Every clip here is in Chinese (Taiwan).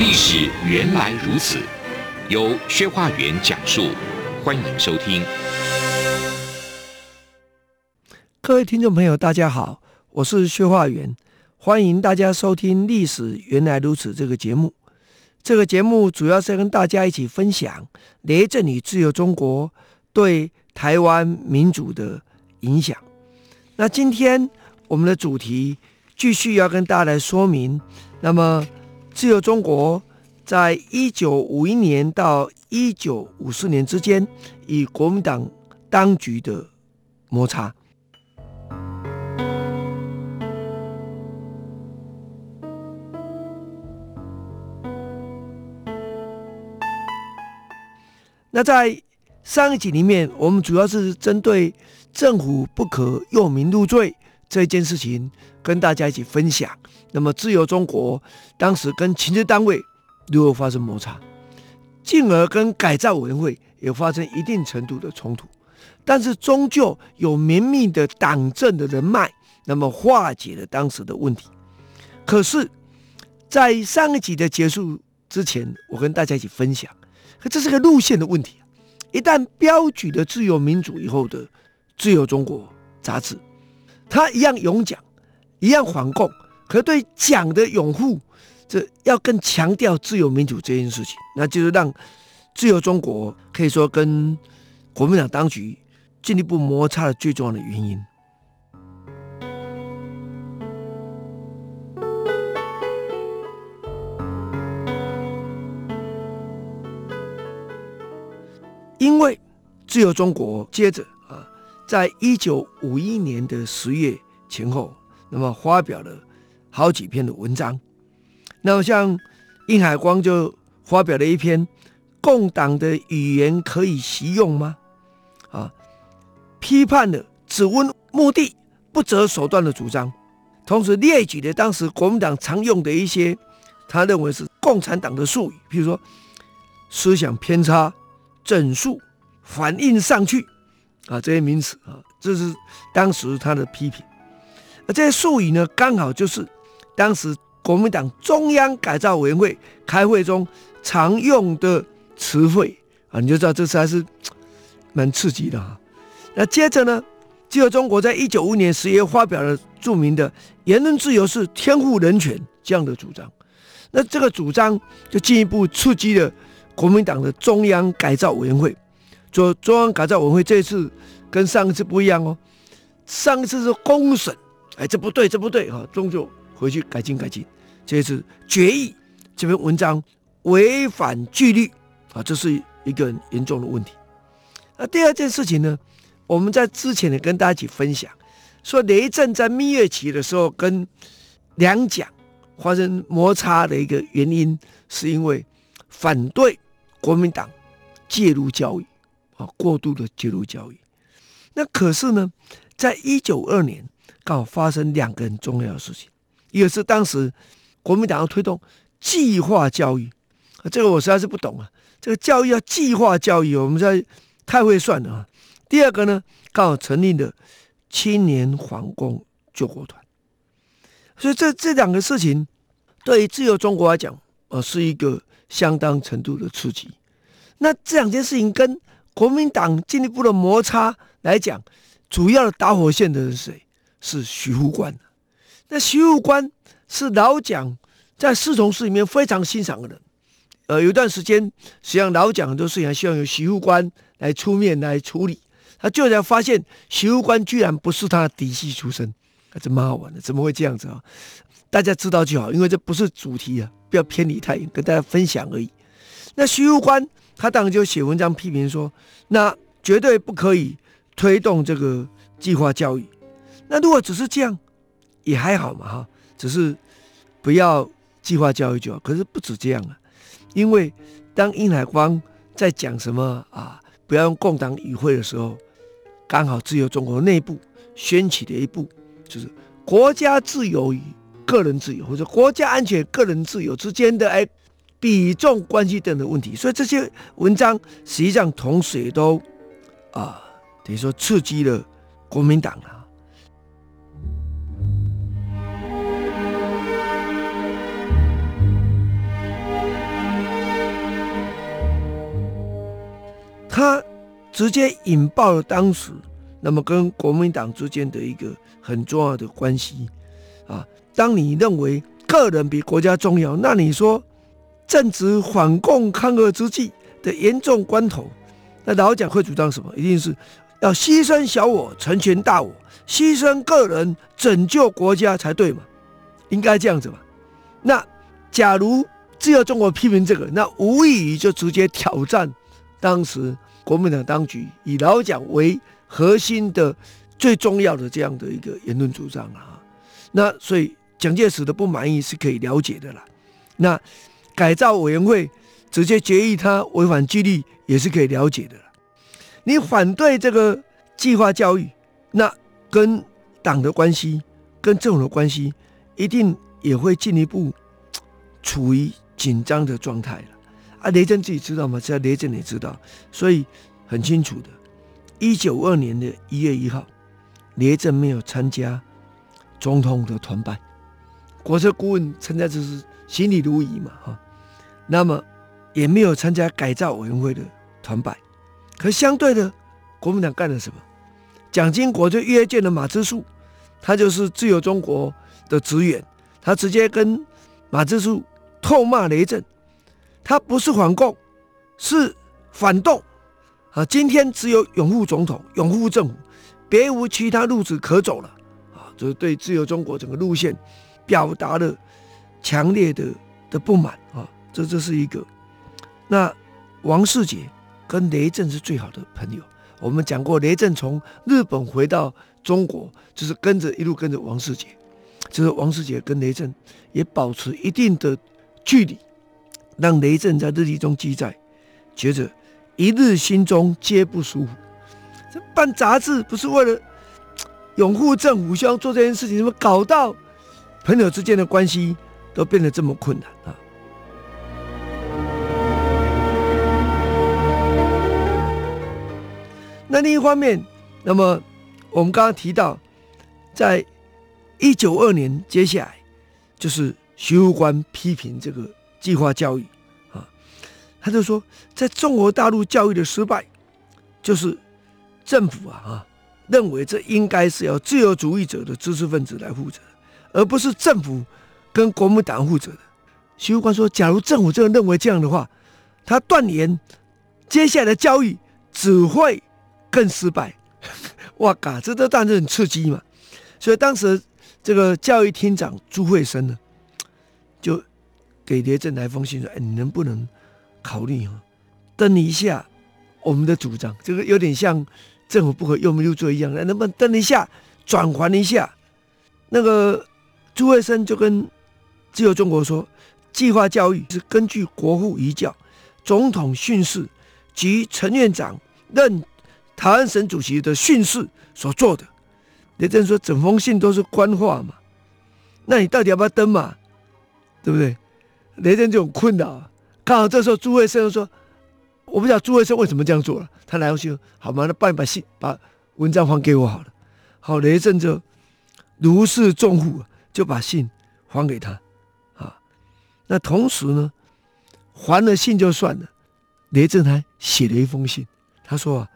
歷史原來如此，由薛化元講述，歡迎收聽。各位聽眾朋友，大家好，我是薛化元，歡迎大家收聽《歷史原來如此》這個節目。這個節目主要是要跟大家一起分享雷震與自由中國對台灣民主的影響。那今天我們的主題繼續要跟大家來說明，那麼。自由中國在一九五一年到一九五四年之間與國民黨當局的摩擦。 那在上一集裡面，我們主要是針對政府不可誘民入罪。這件事情跟大家一起分享。那麼，自由中國當時跟情治單位如何發生摩擦，進而跟改造委員會也發生一定程度的衝突，但是終究有綿密的黨政的人脈，那麼化解了當時的問題。可是，在上一集的結束之前，我跟大家一起分享，可這是個路線的問題，一旦標舉了自由民主以後的自由中國雜誌。他一樣擁蔣，一樣反共，可對蔣的擁護，這要更強調自由民主這件事情，那就是讓自由中國可以說跟國民黨當局進一步摩擦的最重要的原因。因為自由中國接着，在一九五一年的十月前後，那麼發表了好幾篇的文章。那麼像殷海光就發表了一篇《共黨的語言可以習用嗎》啊，批判了只問目的不擇手段的主張，同時列舉了當時國民黨常用的一些他認為是共產黨的術語，比如說“思想偏差”“整數”“反映上去”。啊，這些名詞啊，這是當時他的批評。那這些術語呢，剛好就是當時國民黨中央改造委員會開會中常用的詞彙啊，你就知道這次還是蠻刺激的啊。那接着呢，自由中國在一九五五年十月發表了著名的“言論自由是天賦人權”這樣的主張。那這個主張就進一步刺激了國民黨的中央改造委員會。中中央改造委員會這一次跟上一次不一樣哦，上一次是公審，哎，這不對，這不對哈、啊，終究回去改進改進。這一次決議這篇文章違反紀律啊，這是一個很嚴重的問題。那第二件事情呢，我們在之前呢跟大家一起分享，說雷震在蜜月期的時候跟兩蔣發生摩擦的一個原因，是因為反對國民黨介入教育。啊，過度的介入教育，那可是呢，在一九五二年剛好發生兩個很重要的事情，一個是當時國民黨要推動計劃教育，這個我實在是不懂啊。這個教育要計劃教育，我們實在太會算了啊。第二個呢，剛好成立的青年反共救國團，所以這這兩個事情，對於自由中國來講啊、呃，是一個相當程度的刺激。那這兩件事情跟國民黨進一步的摩擦來講，主要的導火線的人是誰？是徐復觀。那徐復觀是老蔣在侍從室裡面非常欣賞的人。呃，有一段時間，實際上老蔣很多事情希望由徐復觀來出面來處理。他就才發現徐復觀居然不是他的嫡系出身，還是蠻好玩的。怎麼會這樣子啊？大家知道就好，因為這不是主題啊，不要偏離太遠，跟大家分享而已。那徐復觀。他當時就寫文章批評說，那絕對不可以推動這個計劃教育。那如果只是這樣，也還好嘛哈，只是不要計劃教育就好。可是不止這樣啊，因為當殷海光在講什麼啊，不要用共黨語彙的時候，剛好自由中國內部掀起的一部就是國家自由與個人自由，或者國家安全、個人自由之間的哎。比重關係等的問題，所以這些文章實際上同時也都，啊，等於說刺激了國民黨啊，他直接引爆了當時那麼跟國民黨之間的一個很重要的關係啊。當你認為個人比國家重要，那你說。正值反共抗俄之際的嚴重關頭，那老蔣會主張什麼？一定是要犧牲小我成全大我，犧牲個人拯救國家才對嘛？應該這樣子嘛？那假如自由中國批評這個，那無異於就直接挑戰當時國民黨當局以老蔣為核心的最重要的這樣的一個言論主張啊。那所以蔣介石的不滿意是可以了解的啦。那。改造委員會直接決議他違反紀律也是可以了解的。你反對這個計劃教育，那跟黨的關係、跟政府的關係一定也會進一步處於緊張的狀態了。啊，雷震自己知道嗎？只要、啊、雷震也知道，所以很清楚的。一九二年的一月一號，雷震沒有參加總統的團拜，國策顧問參加就是行禮如儀嘛，哈。那麼，也沒有參加改造委員會的團拜，可相對的，國民黨幹了什麼？蔣經國就約見了馬之驌，他就是自由中國的職員，他直接跟馬之驌痛罵雷震，他不是反共，是反動，啊，今天只有擁護總統、擁護政府，別無其他路子可走了，啊，就是對自由中國整個路線，表達了強烈的的不滿啊。這這是一個，那王世杰跟雷震是最好的朋友。我們講過，雷震從日本回到中國，就是跟着一路跟着王世杰。就是王世杰跟雷震也保持一定的距離，讓雷震在日記中記載，覺着一日心中皆不舒服。這辦雜誌不是為了擁護政府，希望做這件事情，怎麼搞到朋友之間的關係都變得這麼困難啊？那另一方面，那麼我們剛剛提到，在一九二年，接下來就是徐復觀批評這個計劃教育啊，他就說，在中國大陸教育的失敗，就是政府啊哈、啊、認為這應該是由自由主義者的知識分子來負責，而不是政府跟國民黨負責的。徐復觀說，假如政府這樣認為這樣的話，他斷言接下來的教育只會。更失敗，哇嘎！這都當然很刺激嘛。所以當時這個教育廳長朱慧生呢，就給雷震來封信說：“你能不能考慮啊？登一下，我們的主張這個有點像政府不可誘民入罪那一樣，能不能登一下轉圜一下？”那個朱慧生就跟自由中國說：“計劃教育是根據國父遺教、總統訓示及陳院長任。”台灣省主席的訓示所做的，雷震說：“整封信都是官話嘛，那你到底要不要登嘛？對不對？”雷震就很困擾。剛好這時候朱惠生說：“我不知道朱惠生為什麼這樣做了。”他來回去說：“好嘛，那幫你把信把文章還給我好了。”好，雷震就如釋重負，就把信還給他。啊，那同時呢，還了信就算了，雷震還寫了一封信，他說啊。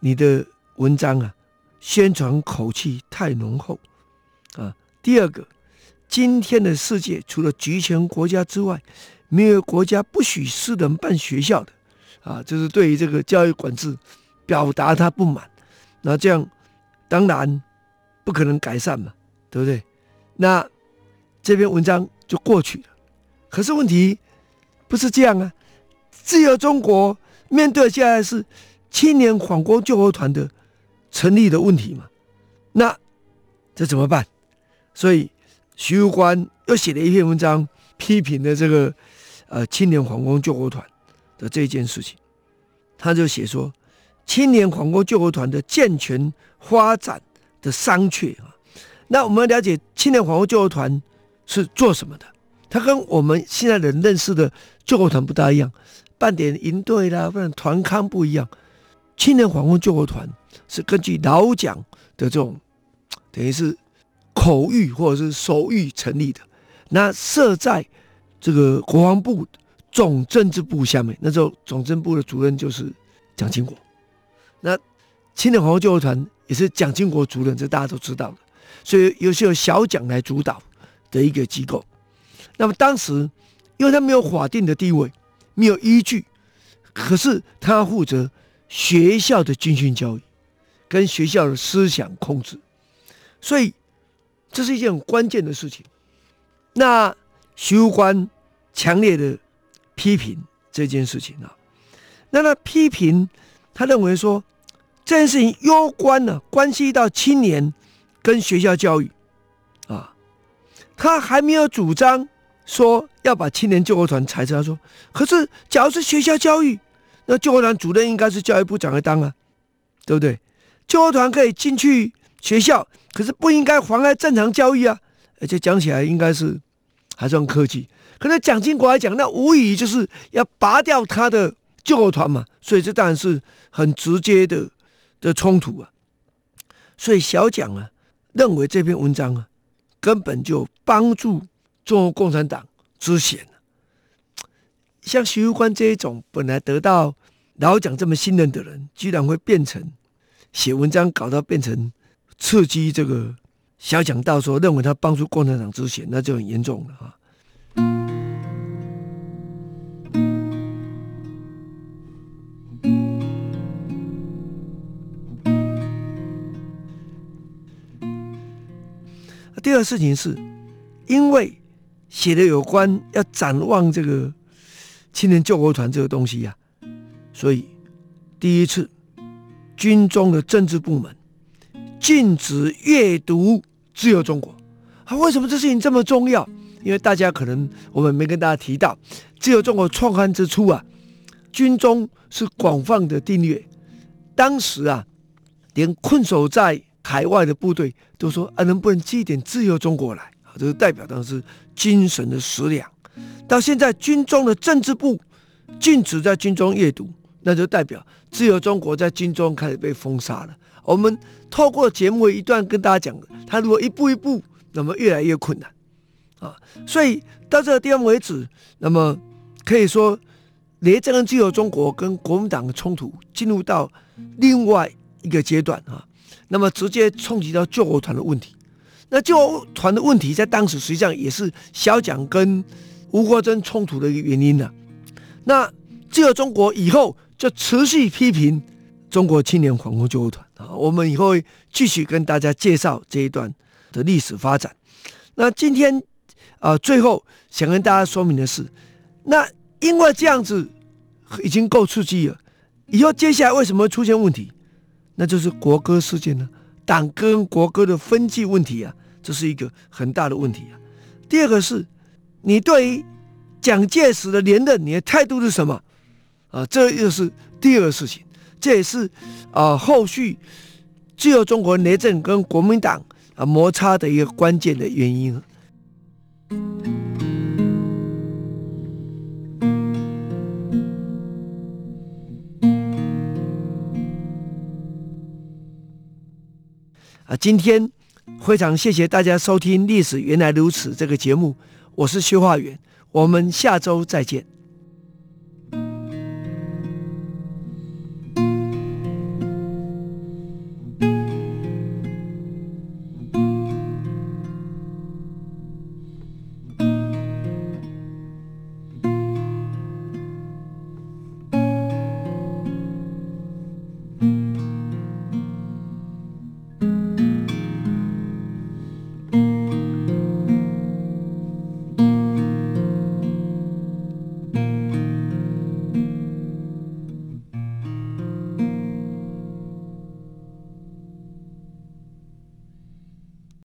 你的文章啊，宣傳口氣太濃厚，啊，第二個，今天的世界除了極權國家之外，沒有國家不許私人辦學校的，啊，就是對於這個教育管制，表達他不滿，那這樣，當然不可能改善嘛，對不對？那這篇文章就過去了。可是問題不是這樣啊，自由中國面對的現在是。青年反共救國團的成立的問題嘛，那這怎麼辦？所以徐復觀又寫了一篇文章，批評了這個呃青年反共救國團的這一件事情，他就寫說，青年反共救國團的健全發展的商榷啊。那我們要了解青年反共救國團是做什麼的？他跟我們現在人認識的救國團不大一樣，辦點營隊啦，辦團康不一樣。青年反共救國團是根據老蔣的這種，等於是口諭或者是手諭成立的，那設在這個國防部總政治部下面。那時候總政部的主任就是蔣經國，那青年反共救國團也是蔣經國主任，這大家都知道的。所以也是由小蔣來主導的一個機構。那麼當時，因為他沒有法定的地位，沒有依據，可是他負責。學校的軍訓教育跟學校的思想控制，所以這是一件很關鍵的事情。那徐復觀強烈的批評這件事情啊，那他批評，他認為說這件事情攸關呢，關係到青年跟學校教育啊。他還沒有主張說要把青年救國團裁撤，他說可是，假如是學校教育。那救國團主任應該是教育部長來當啊，對不對？救國團可以進去學校，可是不應該妨礙正常教育啊。而且講起來應該是還算客氣。可是蔣經國來講，那無疑就是要拔掉他的救國團嘛。所以這當然是很直接的的衝突啊。所以小蔣啊，認為這篇文章啊，根本就幫助中國共產黨之嫌。像徐復觀這一種本來得到老蔣這麼信任的人，居然會變成寫文章搞到變成刺激這個小蔣，到時候認為他幫助共產黨之前，那就很嚴重了啊。第二事情是，因為寫的有關要展望這個。青年救國團這個東西呀、啊，所以第一次軍中的政治部門禁止閱讀《自由中國》啊。為什麼這事情這麼重要？因為大家可能我們沒跟大家提到，《自由中國》創刊之初啊，軍中是廣泛的訂閱。當時啊，連困守在海外的部隊都說：“啊，能不能寄一點《自由中國》來？”啊，這個代表當時精神的食糧。到現在，軍中的政治部禁止在軍中閱讀，那就代表自由中國在軍中開始被封殺了。我們透過節目一段跟大家講，他如果一步一步，那麼越來越困難啊。所以到這個地方為止，那麼可以說，雷震跟自由中國跟國民黨的衝突進入到另外一個階段啊。那麼直接衝擊到救國團的問題。那救國團的問題在當時實際上也是小蔣跟。吳國桢衝突的一個原因呢、啊，那進了中國以後就持續批評中國青年防空救護團啊。我們以後會繼續跟大家介紹這一段的歷史發展。那今天啊、呃，最後想跟大家說明的是，那因為這樣子已經夠刺激了，以後接下來為什麼會出現問題？那就是國歌事件呢、啊，黨歌跟國歌的分際問題啊，這是一個很大的問題啊。第二個是。你對於蔣介石的連任，你的態度是什麼？啊，這又是第二個事情，這也是啊後續自由中國跟國民黨啊摩擦的一個關鍵的原因。啊，今天非常謝謝大家收聽《歷史原來如此》這個節目。我是薛化元，我們下周再見。